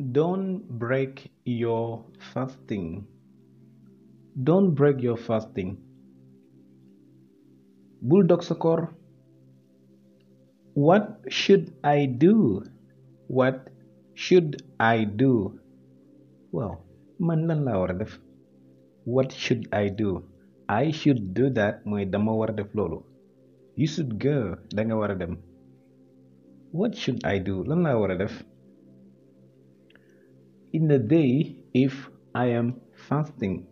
Don't break your fasting. Don't break your fasting. Bul dog sa koor. What should I do? What should I do? man lan laa war a def. What should I do? I should do that mooy dama war a def loolu. You should go da nga war a dem. What should I do? lan laa war a def. in the day if I am fasting.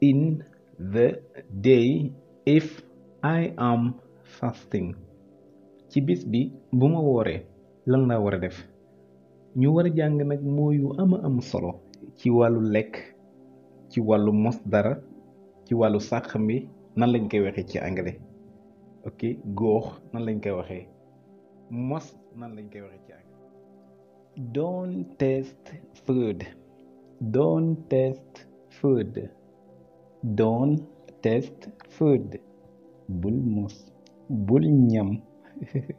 In the ci bis bi bu ma wooree lan laa war a def ñu war a jàng nag mooy yu ama am solo ci wàllu lekk ci wàllu mos dara ci wàllu sàq mi nan lañ koy waxee ci anglais ok góox nan lañ koy waxee mos nan lañ koy waxee ci anglais Don't taste food. Don't taste food. Don't taste food. Bul mos. Bul ñam.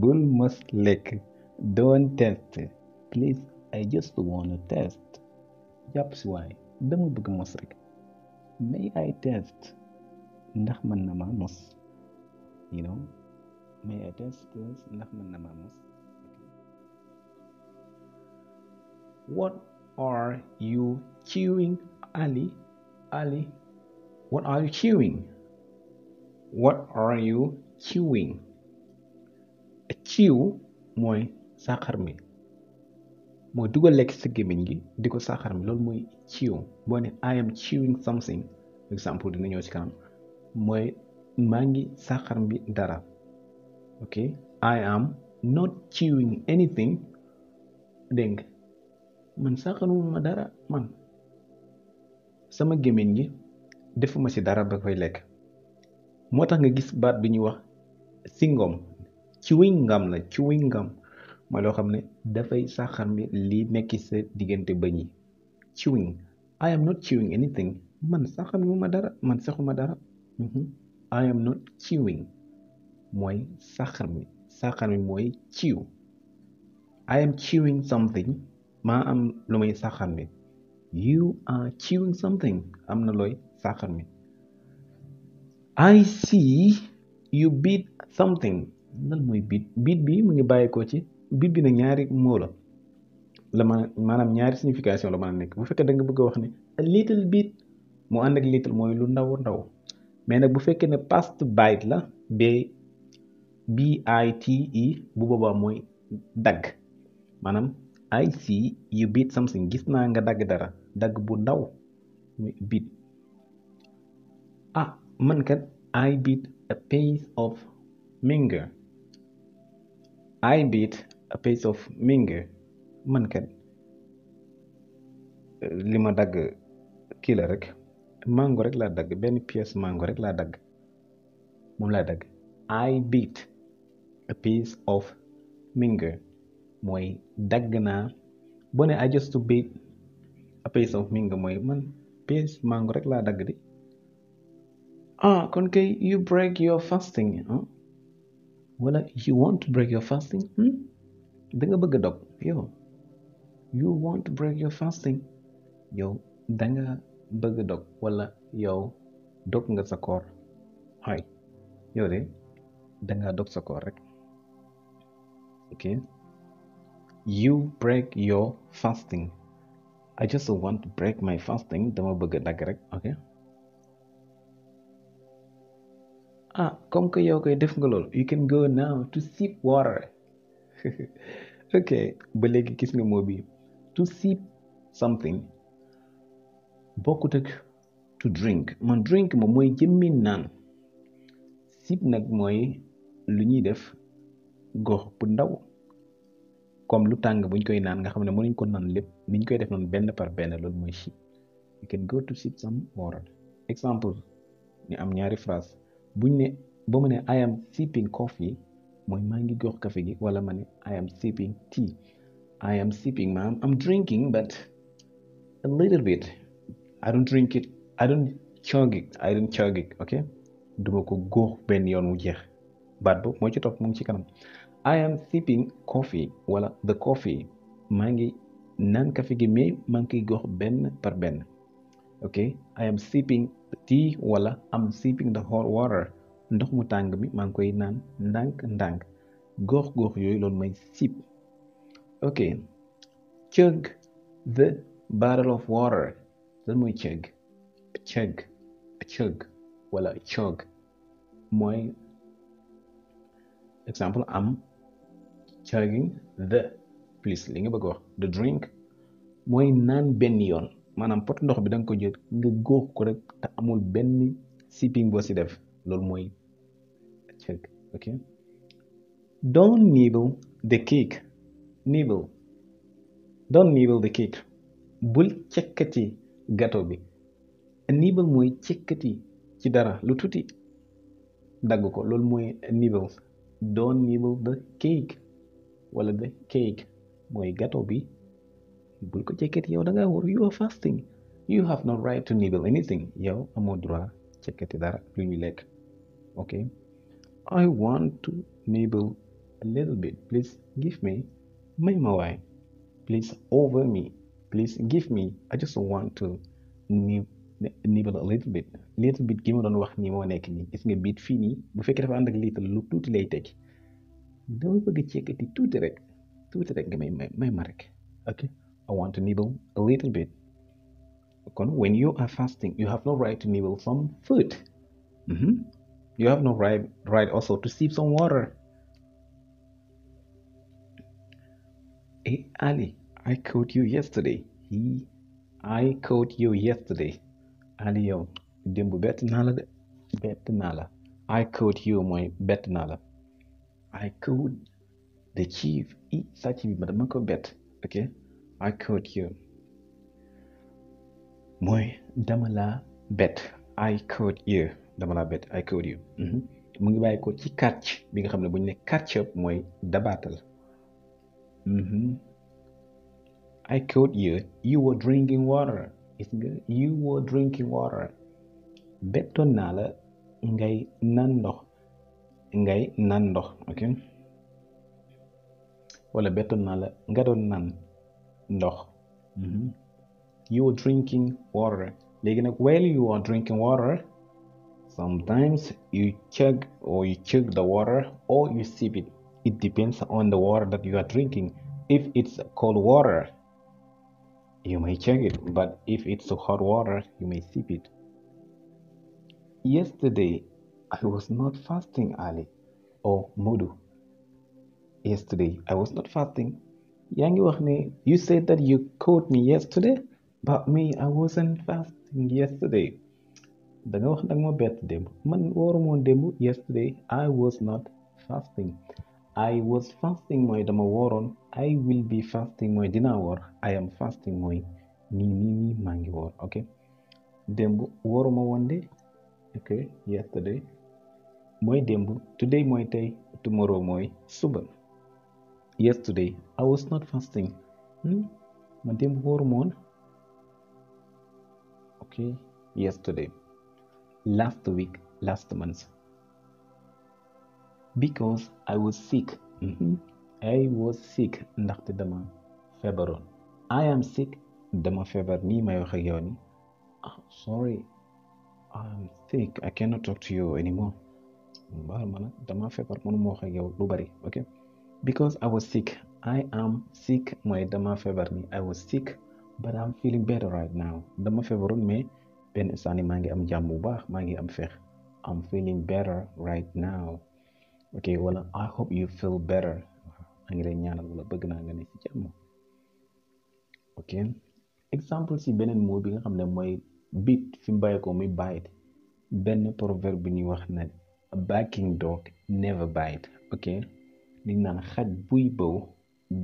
Bul mos lekk. Don't taste. Please, I just want to taste. jàpp si dama bëgg mos rek. May I taste. ndax mën nama maa mos. you know. May I taste ndax mën na maa What are you queuing, Ali? Ali, what are you queuing? What are you queuing? A queue mooy saaxar mi mooy dugal lekk sa gémmiñ gi di ko saaxar mi loolu mooy queue boo ne I am queuing something exemple dina ñëw ci kanam mooy maa ngi saaxar mi dara ok I am not queuing anything man sàqanuma ma dara man sama gémmiñ gi defuma ci dara ba koy lekk moo tax nga gis baat bi ñuy wax si singom chewing ngam la chewing ngam mooy loo xam ne dafay sàqan bi li nekk sa diggante ba yi chewing I am not chewing anything man sàqanuma dara man saxuma dara mm-hmm. I am not chewing mooy sàqan bi sàqan bi mooy chew I am chewing something maa am lu may saxar mi you are chewing something am na looy saxar mi I see you beat something lan mooy beat biit bi mu ngi bàyyeekoo ci beat bi nag ñaari moo la la maanaam ñaari signification la mën a nekk bu fekkee da nga bëgg a wax ni a little bit mu ànd ak little mooy lu ndaw ndaw mais nag bu fekkee ne past bite la b b i e, bu boobaa mooy dagg I see you beat something gis naa nga dagg dara dagg bu ndaw beat ah man kat I beat a piece of mango I beat a piece of mango man kat li ma dagg kii rek mango rek laa dagg benn pièce mango rek laa dagg moom laa dagg I beat a piece of mango mooy dagg naa boo ne I just bit a piece of mango mooy man piece mango rek laa dagg di ah kon kay you break your fasting ah wala want break your fasting hmm? da nga bëgg a dog yow you want to break your fasting yow da bëgg dog wala yow dog nga sa koor hay yow de da dog sa koor rek ok you break your fasting I just want to break my fasting dama bëgg dagg rek ok ah comme que yow koy def nga loolu you can go now to sip water ok ba léegi gis nga moo bi to sip something bokkut to drink man drink moom mooy jëmmi naan sip nag mooy lu ñuy def gox bu ndaw comme lu tàng buñ koy naan nga xam ne mënuñ ko naan lépp niñ koy def noonu benn par benn loolu mooy she you can go to sip some water exemple ñu am ñaari phrase buñ ne ba mu ne I am sipping coffee mooy maa ngi gox café gi wala ma ne I am sipping tea I am sipping maam I'm drinking but a little bit I don't drink it I don't chug I don't chug ok duma ko góox benn yoon wu jeex baat boobu moo ci topp mu ngi ci kanam I am sipping coffee wala the coffee maa ngi naan kafe gi mais maa ngi koy gox benn par benn ok I am sipping tea wala am sipping the hot water ndox mu tàng bi maa ngi koy naan ndànk ndànk gox gox yooyu loolu may sip ok chug the barrel of water lan mooy chug chug wala chug mooy exemple am. chugging the please li nga bëgg a wax the drink mooy naan benn yoon maanaam pot ndox bi danga ko jël nga góox ko rek te amul benn sipping boo si def loolu mooy chug ok don't nibble the cake nibble don't nibble the cake bul cekkati mooy cekkati ci dara lu tuuti dagg ko loolu mooy nibble don't nibble the cake wala nga cake mooy gato bi bul ko ceket yow da ngaa war you are fasting you have no right to nibble anything yow amoo droit ceketi dara lu ñuy lekk ok I want to nibble a little bit please give me may ma waay please over me please give me I just want to nibble nibal a little bit little bit gi ma doon wax nii moo nekk nii gis nga biit fii nii bu fekkee dafa ànd ak liital lu tuuti lay tekki dama bëgg ci yëkkati tuuti rek tuuti rek nga may I want to nibble a little bit when you are fasting you have no right to nibble some food mm-hmm. you have no right also to sip some water Ali I caught you yesterday Ali yow démb bett naa I caught you mooy bett la I could, the chief eats sashimi man dama ko bett ok I caught you mooy dama laa bett I caught you dama laa bett I caught mhm. ngi bàyyi ci catch bi nga xam ne buñ ne catch up mooy dabaatal mhm. I caught you you were drinking water gis nga you were drinking water bettoon naa la ngay naan ndox ngay naan ndox ok wala bettoon naa nga doon naan ndox mm-hmm. you are drinking water léegi nag while you are drinking water sometimes you chug or you chug the water or you sip it it depends on the water that you are drinking if it's cold water you may chug it but if it's hot water you may sip it yesterday I was not fasting, Ali or Modu. Yesterday, I was not fasting. Yangi Wahne, you said that you caught me yesterday, but me, I wasn't fasting yesterday. da wax nag ma bett démb man woorumoon démb yesterday I was not fasting I was fasting mooy dama wooroon I will be fasting mooy dinaa war I am fasting mooy nii nii maa ngi woor ok démb wooruma woon de ok yesterday mooy démb today mooy tey tomorrow mooy suba yesterday I was not fasting hmm? ma démb wóoruma woon ok yesterday last week last month because I was sick hmm? I was sick ndaxte dama feebaroon I am sick dama feebar ni may wax ak ni ah, sorry I am sick I cannot talk to you anymore baal ma nag dama feebar mënuma lu bari ok because I was sick I am sick mooy dama feebar ni I was sick but I'm feeling better right now dama feebaroon mais benn instant maa ngi am jàmm bu baax maa ngi am feex am feeling better right now ok wala I hope you feel better maa ngi lay ñaanal wala bëgg naa nga ne ci jàmm ok exemple si beneen mot bi nga xam ne mooy bit fi mu bàyyi ko muy bite benn proverbe bi ñuy wax ne a barking dog never bite ok liñ naan xaj buy bëw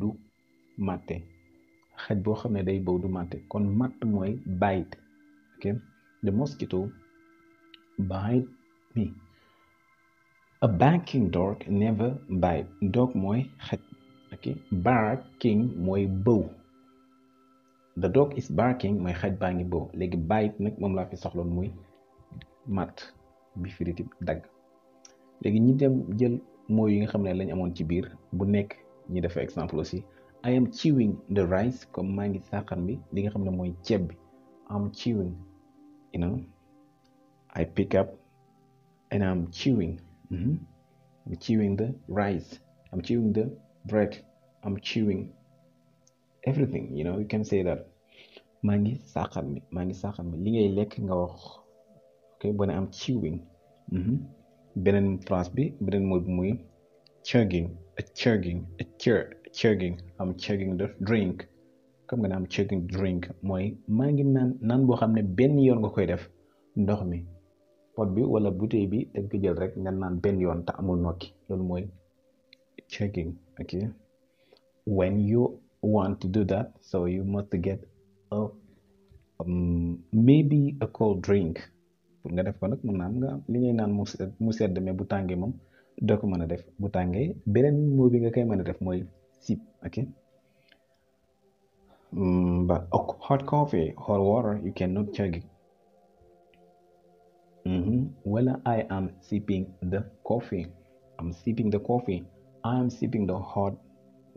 du màtte xaj boo xam ne day bëw du màtte kon mat mooy bite ok the mosquito bite me a barking dog never bite dog mooy xaj barking mooy bëw the dog is barking mooy xaj baa ngi bëw léegi bite nag moom laa fi soxloon muy mat bi firiti dagg léegi ñi dem jël mots yi nga xam ne lañ amoon ci biir bu nekk ñi def exemple aussi I am chewing the rice comme maa ngi saaxan bi li nga xam ne mooy ceeb bi am chewing you know I pick am chewing mm -hmm. I'm chewing the rice I'm chewing maa ngi saaxan maa ngi saaxan bi li ngay lekk nga wax ok boo ne am chewing mm-hmm. beneen France bi beneen mooy bi muy chugging chugging chugging am chugging the drink xam nga ne am chugging mooy maa ngi naan naan boo xam ne benn yoon nga koy def ndox mi pot bi wala bouteille bi dañ ko jël rek nga naan benn yoon te amul nokki loolu mooy chugging ok when you want to do that so you must get a um, maybe a cold drink pour nga def ko nag mën naa am nga li ñuy naan mu sedd mu sedd mais bu tàngee moom doo ko mën a def bu tàngee beneen mot bi nga koy mën a def mooy sip ok mm, but hot coffee hot water you cannot chug it mm-hmm. wala I am sipping the coffee I'm sipping the coffee I am sipping the hot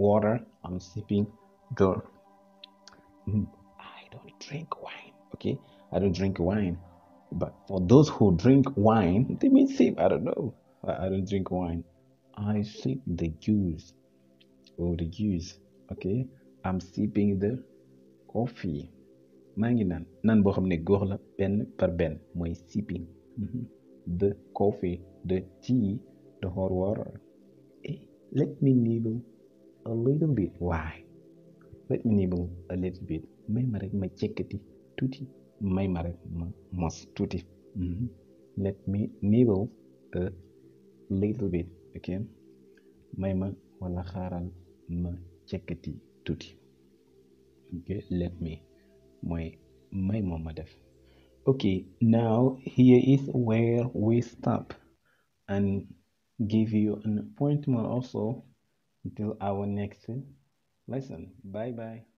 water mm-hmm. I don't drink wine I don't drink wine But for those who drink wine, they may sip. I don't drink wine. I sip the juice. Oh, the juice. I'm sipping the coffee. maa ngi naan naan boo xam ne góor benn par benn mooy sipping mm-hmm. the coffee the tea the hot eh, let me nibble a little bit why let me nibble a little bit may ma rek ma cekkati may ma rek ma mos tuuti mm-hmm. let me a little bit may ma wala xaaral ma cekkati tuuti ok let me mooy may moom ma def ok now here is where we stop and give you an appointment also until our next lesson bye bye